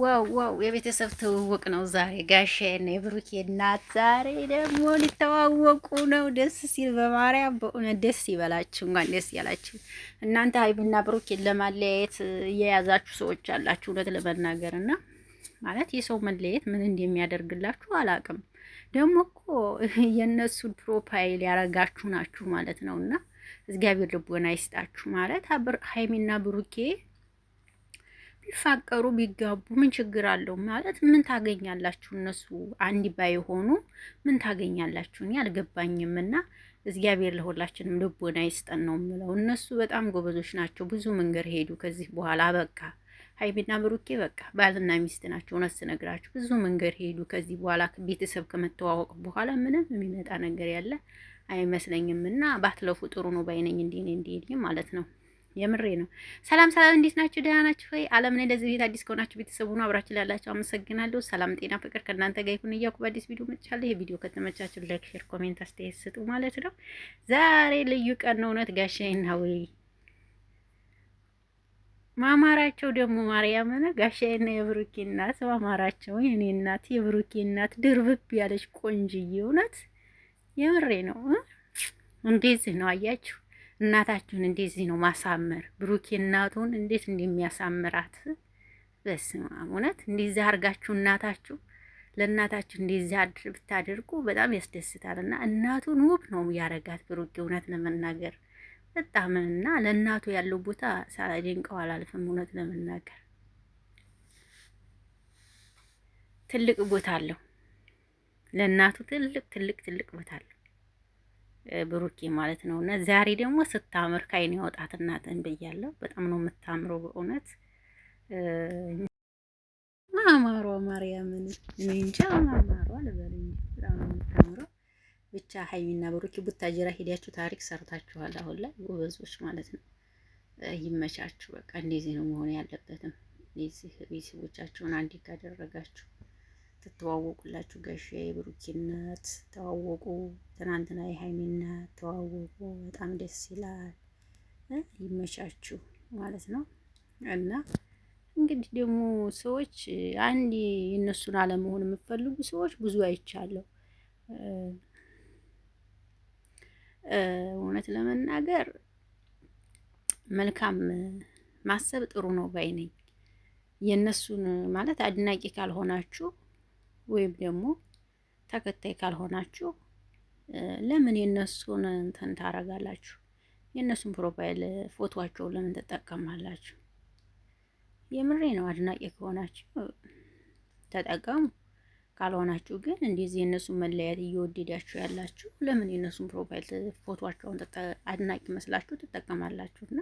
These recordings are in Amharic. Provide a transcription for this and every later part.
ዋው ዋው! የቤተሰብ ትውውቅ ነው ዛሬ። ጋሻዬና የብሩኬ እናት ዛሬ ደግሞ ሊተዋወቁ ነው። ደስ ሲል በማርያም በእውነት ደስ ይበላችሁ፣ እንኳን ደስ ያላችሁ። እናንተ ሀይሚና ብሩኬን ለማለያየት የያዛችሁ ሰዎች አላችሁ። እውነት ለመናገር እና ማለት የሰው መለየት ምን እንደሚያደርግላችሁ አላቅም። ደግሞ እኮ የእነሱ ፕሮፋይል ያረጋችሁ ናችሁ ማለት ነው እና እግዚአብሔር ልቦና ይስጣችሁ ማለት ሀይሚና ብሩኬ ቢፋቀሩ ቢጋቡ ምን ችግር አለው? ማለት ምን ታገኛላችሁ? እነሱ አንድ ባይሆኑ ምን ታገኛላችሁ? እኔ አልገባኝም። እና እግዚአብሔር ለሁላችንም ልቦና ይስጠን ነው የምለው። እነሱ በጣም ጎበዞች ናቸው። ብዙ መንገድ ሄዱ። ከዚህ በኋላ በቃ ሀይሚና ብሩኬ በቃ ባልና ሚስት ናቸው። እውነት ስነግራችሁ ብዙ መንገድ ሄዱ። ከዚህ በኋላ ቤተሰብ ከመተዋወቅ በኋላ ምንም የሚመጣ ነገር ያለ አይመስለኝም እና ባትለፉ ጥሩ ነው ባይነኝ። እንዲኔ እንዲሄድ ማለት ነው የምሬ ነው። ሰላም ሰላም፣ እንዴት ናችሁ? ደህና ናችሁ ወይ? አለም ላይ ለዚህ ቤት አዲስ ከሆናችሁ ቤተሰቡ ነው አብራችሁ ላላችሁ አመሰግናለሁ። ሰላም ጤና፣ ፍቅር ከእናንተ ጋር ይሁን እያልኩ በአዲስ ቪዲዮ መጥቻለሁ። ይሄ ቪዲዮ ከተመቻችሁ ላይክ፣ ሼር፣ ኮሜንት አስተያየት ስጡ ማለት ነው። ዛሬ ልዩ ቀን ነው። እውነት ጋሻዬና ወይ ማማራቸው ደግሞ ነ ጋሻዬና የብሩኬ እናት ማማራቸው። የኔ እናት የብሩኬ እናት ድርብብ ያለች ቆንጅዬ፣ እውነት የምሬ ነው። እንደዚህ ነው አያችሁ እናታችሁን እንደዚህ ነው ማሳመር። ብሩኬ እናቱን እንዴት እንደሚያሳምራት በስመ አብ እውነት እንደዚህ አድርጋችሁ እናታችሁ ለእናታችሁ እንደዚህ ብታደርጉ በጣም ያስደስታል። እና እናቱን ውብ ነው ያረጋት ብሩኬ እውነት ለመናገር በጣም እና ለእናቱ ያለው ቦታ ሳደንቀው አላልፍም። እውነት ለመናገር ትልቅ ቦታ አለው ለእናቱ ትልቅ ትልቅ ትልቅ ቦታ አለው። ብሩኬ ማለት ነው። እና ዛሬ ደግሞ ስታምር ከአይን ያወጣት እናትን ብያለሁ። በጣም ነው የምታምረው በእውነት ማማሯ ማርያምን እኔ እንጃ ማማሯ ልበል በጣም ነው የምታምረው። ብቻ ሀይሚና ብሩኬ ቡታጅራ ሄዳችሁ ታሪክ ሰርታችኋል። አሁን ላይ ጎበዞች ማለት ነው። ይመቻችሁ። በቃ እንደዚህ ነው መሆን ያለበትም። እንደዚህ ቤተሰቦቻችሁን አንድ ካደረጋችሁ ትተዋወቁላችሁ ጋሼ የብሩኪነት ተዋወቁ። ትናንትና የሀይሚነት ተዋወቁ። በጣም ደስ ይላል። ይመቻችሁ ማለት ነው እና እንግዲህ ደግሞ ሰዎች አንድ የእነሱን አለመሆን የምትፈልጉ ሰዎች ብዙ አይቻለሁ። እውነት ለመናገር መልካም ማሰብ ጥሩ ነው ባይ ነኝ። የእነሱን ማለት አድናቂ ካልሆናችሁ ወይም ደግሞ ተከታይ ካልሆናችሁ ለምን የእነሱን እንትን ታረጋላችሁ? የእነሱን ፕሮፋይል ፎቶቸውን ለምን ትጠቀማላችሁ? የምሬ ነው። አድናቂ ከሆናችሁ ተጠቀሙ፣ ካልሆናችሁ ግን እንደዚህ የእነሱን መለያየት እየወደዳችሁ ያላችሁ ለምን የእነሱን ፕሮፋይል ፎቶቸውን አድናቂ መስላችሁ እና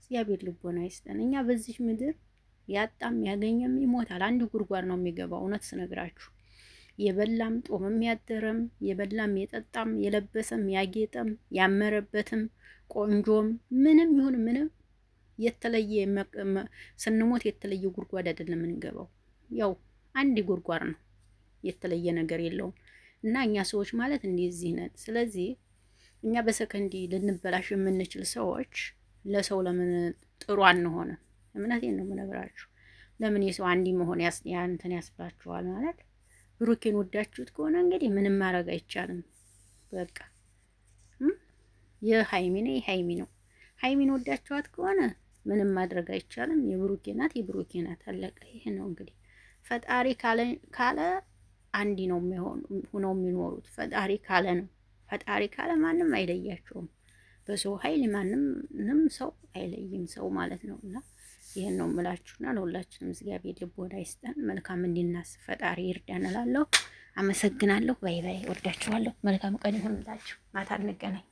እግዚአብሔር ልቦና ይስጠን። እኛ በዚህ ምድር ያጣም ያገኘም ይሞታል። አንድ ጉድጓድ ነው የሚገባው። እውነት ስነግራችሁ የበላም ጦምም ያደረም የበላም የጠጣም የለበሰም ያጌጠም ያመረበትም ቆንጆም ምንም ይሁን ምንም የተለየ ስንሞት የተለየ ጉድጓድ አይደለም የምንገባው። ያው አንድ ጉድጓድ ነው፣ የተለየ ነገር የለውም። እና እኛ ሰዎች ማለት እንደዚህ ነን። ስለዚህ እኛ በሰከንዲ ልንበላሽ የምንችል ሰዎች ለሰው ለምን ጥሩ አንሆንም? እምነቴን ነው የምነግራችሁ። ለምን የሰው አንድ መሆን ያንተን ያስብላችኋል? ማለት ብሩኬን ወዳችሁት ከሆነ እንግዲህ ምንም ማድረግ አይቻልም። በቃ የሀይሚ ነው የሀይሚ ነው። ሀይሚን ወዳችኋት ከሆነ ምንም ማድረግ አይቻልም። የብሩኬ ናት የብሩኬ ናት፣ አለቀ። ይሄ ነው እንግዲህ ፈጣሪ ካለ አንድ ነው ሆነው የሚኖሩት። ፈጣሪ ካለ ነው ፈጣሪ ካለ ማንም አይለያቸውም። በሰው ኃይል ማንም ሰው አይለይም ሰው ማለት ነው እና ይህን ነው ምላችሁና ለሁላችንም እግዚአብሔር ልቦና ይስጠን፣ መልካም እንዲናስ ፈጣሪ ይርዳን እላለሁ። አመሰግናለሁ። ባይ ባይ። ወዳችኋለሁ። መልካም ቀን ይሁንላችሁ። ማታ እንገናኝ።